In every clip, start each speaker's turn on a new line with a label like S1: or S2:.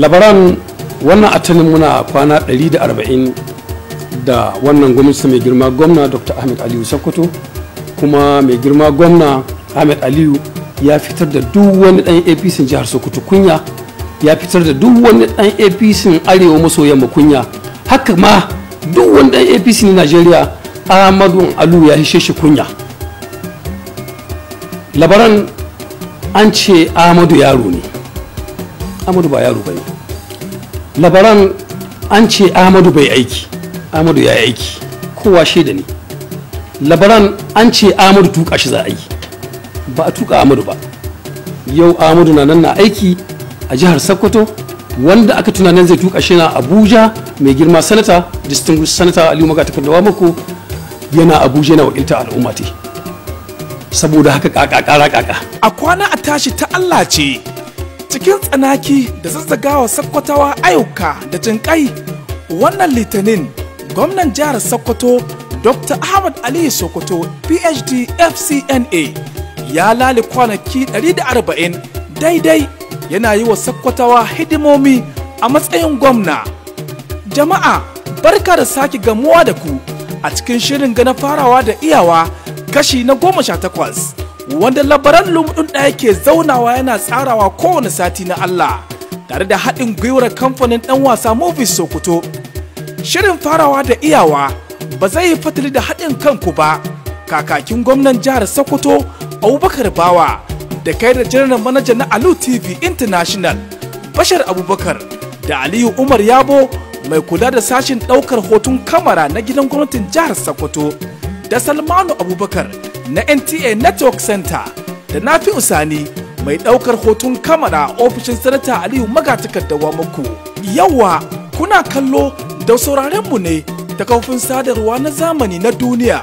S1: labaran wannan atalin muna kwana 140 da wannan gwamnati mai girma gwamna dr ahmed aliyu sokoto kuma mai girma gwamna ahmed aliyu ya fitar da duk wani dan apc jihar sokoto kunya ya fitar da duk wani dan apc arewa maso yamma kunya haka ma duk wani dan apc na najeriya ahmadu alu ya hishe shi kunya labaran an ce ahmadu yaro ne amadu ba yaro bane labaran an ce Ahmadu bai aiki Ahmadu ya yi aiki kowa da ne labaran an ce Ahmadu tuka shi za a yi ba a tuka Ahmadu ba yau Ahmadu na nan na aiki a jihar sokoto wanda aka tunanin zai tuka shi na abuja mai girma sanata distinguished sanata aliyu ta takardawa mako yana abuja yana wakilta al'umma saboda haka kaka kaka
S2: a kwana a tashi ta allah ce cikin tsanaki da zazzagawa sakkwatawa Ayuka da jinƙai wannan litinin gwamnan jihar sokoto dr ahmad aliyu sokoto phd fcna ya lali kwanaki 140 daidai yana yi wa sakkwatawa hidimomi a matsayin gwamna jama'a barka da sake gamuwa da ku a cikin shirin gana farawa da iyawa kashi na goma sha takwas wanda labaran lumudun ɗaya ke zaunawa yana tsarawa kowane sati na Allah tare da haɗin gwiwar kamfanin ɗan wasa Movies Sokoto. Shirin farawa da iyawa ba zai yi fatali da haɗin kanku ba kakakin gwamnan jihar Sokoto Abubakar Bawa da kai da janar manaja na Alu TV International Bashar Abubakar da Aliyu Umar Yabo mai kula da sashin ɗaukar hoton kamara na gidan gwamnatin jihar Sokoto da Salmanu Abubakar na NTA Network Center da Nafi Usani mai ɗaukar hoton kamara ofishin sanata Aliyu magatakardawa muku. Yawa kuna kallo da mu ne ta kafin sadarwa na zamani na duniya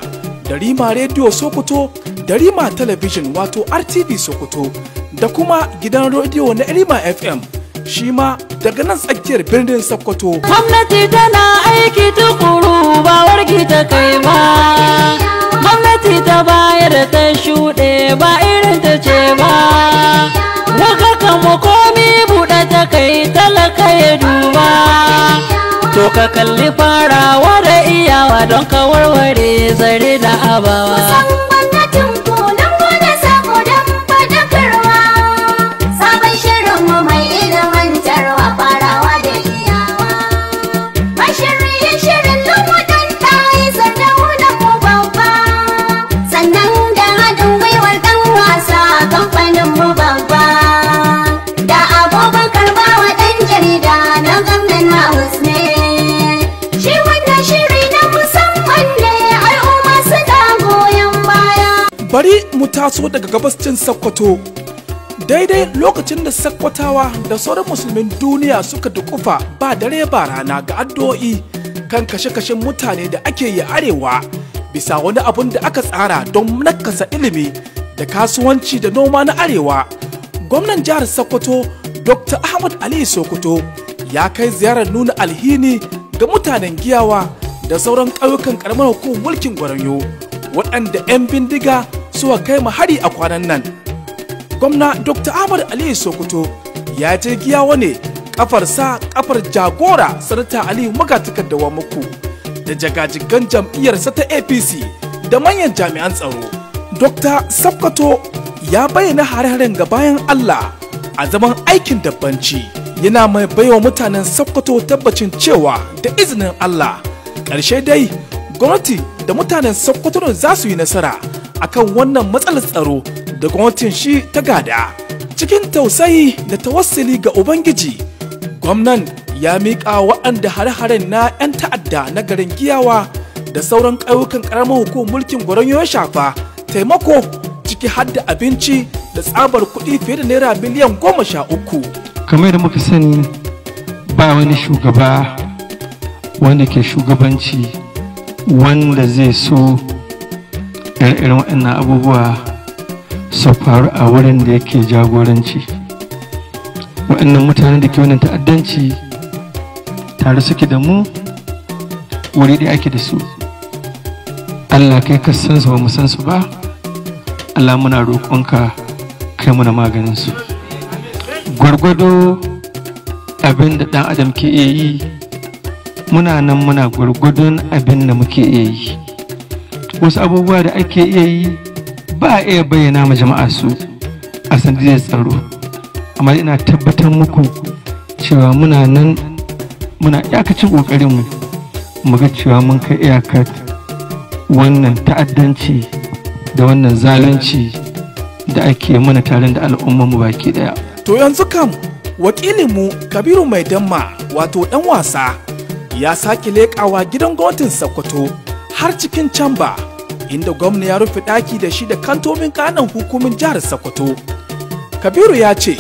S2: da Rima rediyo Sokoto da Rima Television wato RTV Sokoto da kuma gidan rediyo na Rima FM shi ma daga nan tsakiyar birnin Sokoto. Gwamnati tana aiki tukuru ba
S3: wargi ta kai ba. ita bayar ta shuɗe ba irin ta ce ba daga kama komi buɗe ta kai talaka ya duba to ka kalli farawa da iyawa don ka warware zare da abawa
S2: bari mu taso daga gabas cin sakkwato daidai lokacin da sakkwatawa da sauran musulmin duniya suka dukufa ba dare ba rana ga addu'o'i kan kashe-kashen mutane da ake yi arewa bisa wani abun da aka tsara don nakasa ilimi da kasuwanci da noma na arewa gwamnan jihar sokoto dr ahmad ali sokoto ya kai ziyarar nuna alhini ga mutanen giyawa da sauran ƙauyukan ƙaramar hukumar mulkin gwaranyo waɗanda 'yan bindiga suka kai mu hari a kwanan nan gwamna dr ahmad aliyu sokoto ya je giyawa ne sa kafar jagora sanata aliyu wa muku da jagajigan jam'iyyarsa ta apc da manyan jami'an tsaro dr Sokoto ya bayyana hare-haren ga bayan allah a zaman aikin dabbanci yana mai bai wa mutanen Sokoto tabbacin cewa da izinin allah ƙarshe dai gwamnati da mutanen sokoto za su yi nasara akan wannan matsalar tsaro da gwamnatin shi ta gada cikin tausayi da tawassuli ga ubangiji gwamnan ya miƙa waɗanda hare-haren na 'yan ta'adda na garin giyawa da sauran ƙauyukan ƙaramar hukumar mulkin gwaron ya shafa taimako ciki har abinci da tsabar kuɗi fiye da naira miliyan goma sha uku
S4: kamar da muka sani ba wani shugaba wanda ke shugabanci wanda zai so irin waɗannan abubuwa su faru a wurin da yake jagoranci waɗannan mutanen da ke wannan ta'addanci tare suke da mu wuri da ake da su allah kai ka san su ba mu san su ba allah muna roƙonka kai muna maganin su gwargwado abin da ɗan adam ke yi muna nan muna gwargwadon abin da muke iya yi wasu abubuwa da ake iya yi ba a iya bayyana ma jama'a su a sandiyar tsaro amma ina tabbatar muku cewa muna nan muna iyakacin ƙoƙarinmu mu ga cewa mun kai iyakar wannan ta'addanci da wannan zalunci da ake mana taron da al'ummarmu baki daya.
S2: To yanzu kam wakilinmu Kabiru Mai Damma wato ɗan wasa ya sake leƙawa gidan gwamnatin Sokoto har cikin camba inda gwamna ya rufe ɗaki da shi da kantomin kanan hukumin jihar Sokoto. Kabiru ya ce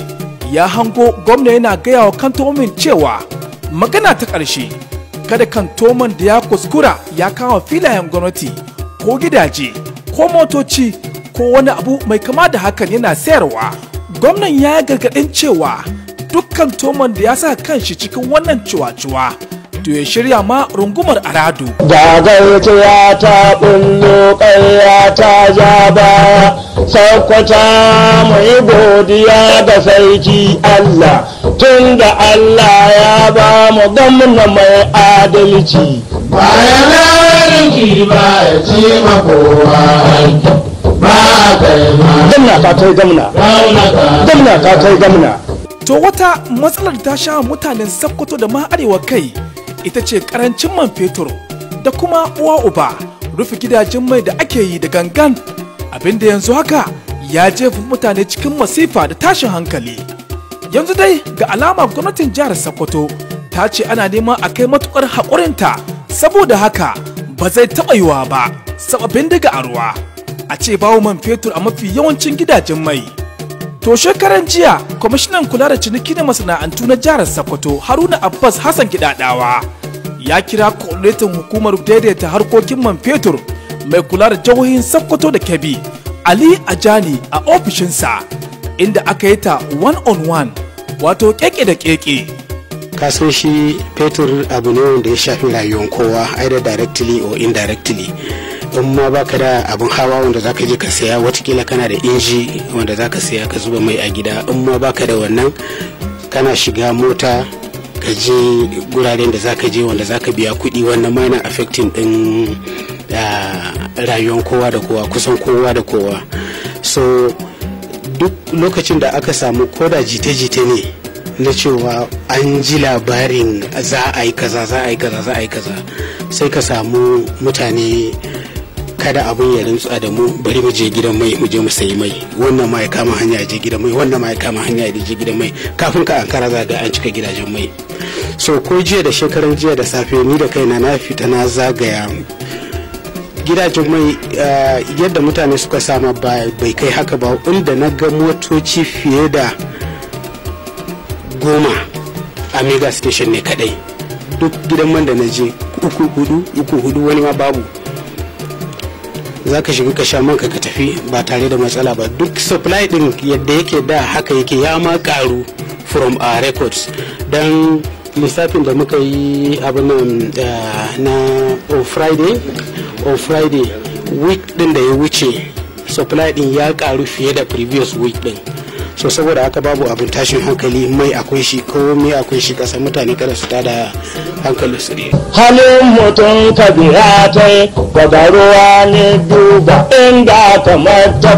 S2: ya hango gwamna yana gaya wa kantomin cewa magana ta ƙarshe kada kantoman da ya kuskura ya kama filayen gwamnati ko gidaje ko motoci ko wani abu mai kama da hakan yana sayarwa. Gwamnan ya gargaɗin cewa duk toman da ya sa kanshi cikin wannan ciwa-ciwa to ya shirya ma rungumar aradu. Da gaskiya ta bullo ƙarya ta ja baya,
S3: sakwata mu yi godiya da sarki Allah, tun da Allah ya ba mu gamna mai adalci. Bayan adalci ba ya ce ma kowa Gamna
S1: ka kai gamna.
S2: Gamna ka kai gamna. To wata matsalar ta sha mutanen Sokoto da ma arewa kai ita ce karancin man fetur da kuma uwa uba rufe gidajen mai da ake yi da gangan abinda yanzu haka ya jefa mutane cikin masifa da tashin hankali yanzu dai ga alama gwamnatin jihar sokoto ta ce ana neman a kai matukar haƙurinta saboda haka ba zai taɓa yiwa ba sababin daga a ruwa a ce bawo man fetur a mafi yawancin gidajen mai to shekaran jiya kwamishinan kula da ciniki da masana'antu na jihar sokoto haruna abbas hassan gidadawa ya kira kwalitin hukumar daidaita harkokin man fetur mai kula da jihohin sokoto da kebbi ali ajani a ofishinsa inda aka yi ta one on one wato keke da keke
S3: kasan shi fetur abu ne wanda ya shafi rayuwar kowa either directly or indirectly in ma baka da abin hawa wanda zaka je ka saya watakila kana da inji wanda zaka saya ka zuba mai a gida in ma baka da wannan kana shiga mota ka je guraren da zaka je wanda zaka biya kuɗi wannan ma yana affecting din rayuwar kowa da kowa kusan kowa da kowa so duk lokacin da aka samu koda jite-jite ne na cewa an ji labarin za a yi kaza za a yi kaza za a yi kaza sai ka samu mutane kada abun ya rantsa da mu bari mu je gidan mai mu je mu sayi mai wannan ma ya kama hanya je gidan mai wannan ma ya kama hanya je gidan mai kafin ka ankara za ga an cika gidajen mai so ko jiya da shekaran jiya da safe ni da kaina na fita na zagaya gidajen mai eh, yadda mutane suka sama bai kai haka ba inda na ga motoci fiye da goma a mega station ne kadai duk gidan man da na je uku hudu uku hudu wani ma babu za ka shiga ka sha manka ka tafi ba tare da matsala ba duk supply din yadda yake da haka yake ya ma karu from a records don lissafin da muka yi abin eh, na on friday on friday week din da ya wuce supply din ya karu fiye da previous week din so saboda haka babu abin tashin hankali mai akwai shi ko mai akwai shi kasa mutane kada su tada hankali su ne halin mutum ta yi daga ruwa ne duba inda kamar ta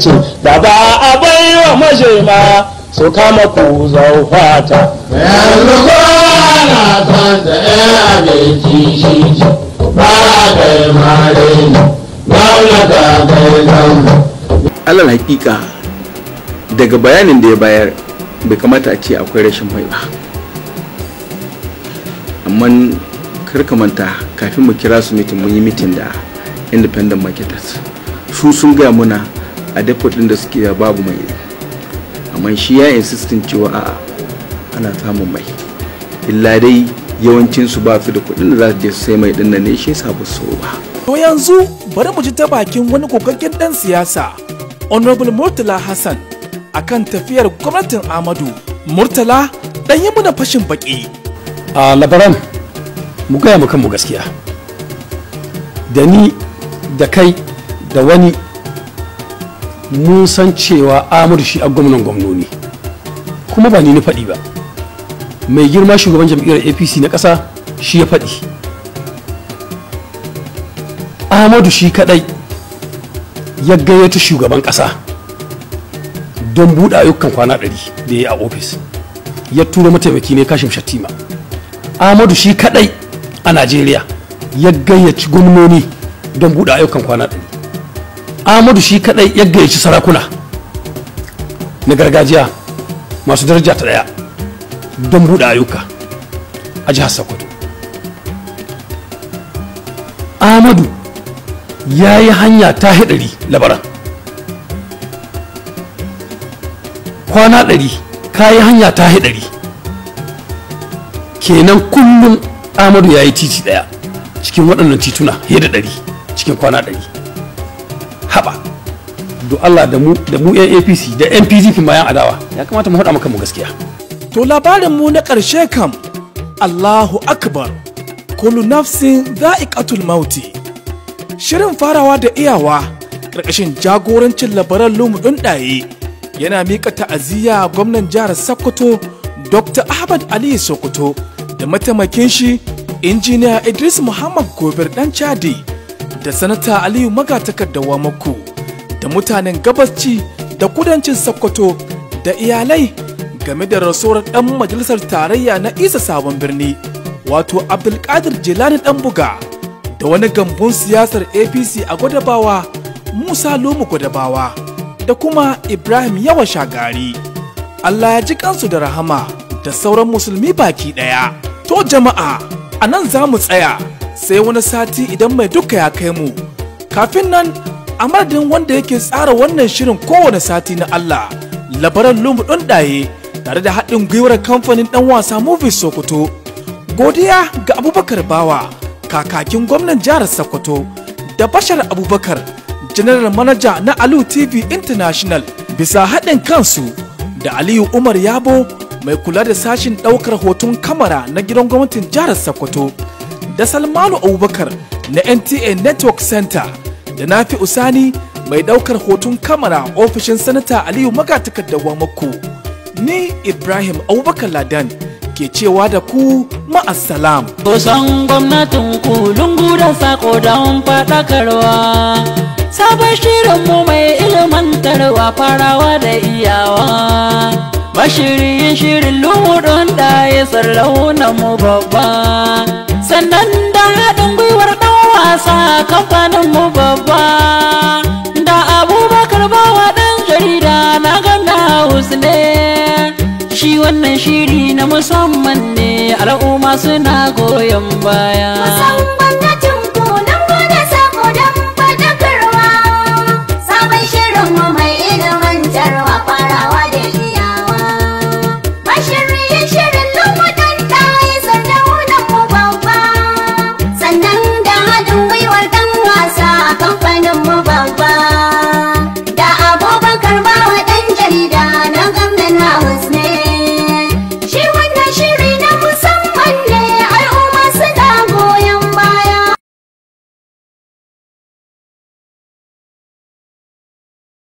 S3: ce da ba a maje ma su kama ku zau fata yanzu ko ana son da ya abinci shi
S1: ba kai mare na gwamnata kai zama alal hakika
S2: daga bayanin da ya bayar bai kamata a ce akwai rashin mai ba amma karka manta kafin mu kira su mitin mun yi mitin da independent marketers su sun gaya muna a dafaɗin da suke
S4: babu mai amma shi ya insistin cewa a'a ana samun mai illa dai yawancin su ba su da kuɗin da za su je su sai mai din nan ne shi yasa ba su
S2: ba to yanzu bari mu ji ta bakin wani kokakken dan siyasa honorable murtala hassan akan tafiyar gwamnatin Amadu Murtala dan yi muna fashin baki. A labaran mu gaya mu kanmu gaskiya.
S1: Da ni da kai da wani mun san cewa Amadu shi a gwamnan gwamnoni kuma ba ni ni faɗi ba. Mai girma shugaban jam'iyyar APC na ƙasa shi ya faɗi. Amadu shi kaɗai ya gayyata shugaban ƙasa. don buɗe ayyukan kwana 100 da ya yi a ofis ya tura mataimaki ne kashim shatima amadu shi kadai a najeriya ya gayyaci gwamnoni don buɗe ayyukan kwana 100 amadu shi kadai ya gayyaci sarakuna na gargajiya masu daraja ta ɗaya don buɗe ayyuka a jihar sokoto amadu ya yi hanya ta hidari labaran kwana ɗari kayi hanya ta ɗari kenan kullum amadu ya yi titi ɗaya cikin waɗannan tituna fiye da ɗari cikin kwana ɗari haɓa do Allah da mu da mu
S2: yan APC da yan PDP ma yan adawa ya kamata mu haɗa maka mu gaskiya to labarin mu na ƙarshe kam Allahu akbar kullu nafsin dha'iqatul mauti shirin farawa da iyawa ƙarƙashin jagorancin labaran lumu ɗin ɗaye yana miƙa ta'aziyya gwamnan jihar Sokoto Dr. Ahmad Ali Sokoto da mataimakin shi injiniya Idris Muhammad Gobir dan Chadi da sanata Aliyu da Wamaku da mutanen gabasci da kudancin Sokoto da iyalai game da rasuwar ɗan majalisar tarayya na Isa Sabon Birni wato Abdulkadir Jilani dan buga da wani gambun siyasar APC a Gwadabawa Musa Lomu Gwadabawa. da kuma Ibrahim yawan Shagari. Allah ya ji kansu da rahama da sauran musulmi baki ɗaya. To jama'a, a nan za mu tsaya sai wani sati idan mai duka ya kai mu. Kafin nan, a madadin wanda yake tsara wannan shirin kowane sati na Allah, labaran lumu ɗaye tare da haɗin gwiwar kamfanin ɗan wasa Movies Sokoto. Godiya ga Abubakar Bawa, kakakin gwamnan jihar Sokoto, da Bashar Abubakar. general manager na alu tv international bisa haɗin kansu da aliyu umar yabo mai kula da sashin ɗaukar hoton kamara na gidan gwamnatin jihar sokoto da salmanu abubakar na nta network center da nafi usani mai ɗaukar hoton kamara ofishin sanata aliyu da wamako ni ibrahim abubakar ladan ke cewa da ku ma'assalam. Kusan gwamnatin Lungu da sako
S3: don faɗakarwa. Sabon shirinmu mai ilimantarwa farawa da iyawa. Mashiriyin shirin luhudun da ya sarrauna mu babba. Sannan da haɗin gwiwar ɗan wasa kamfanin mu babba. Da abubakar bawa ɗan jarida na gana Husne. shi wannan shiri na musamman ne al'umma suna goyon baya.